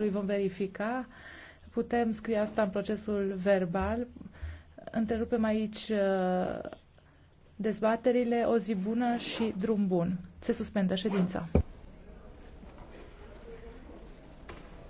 textului vom verifica. Putem scrie asta în procesul verbal. Întrerupem aici uh, dezbaterile. O zi bună și drum bun. Se suspendă ședința.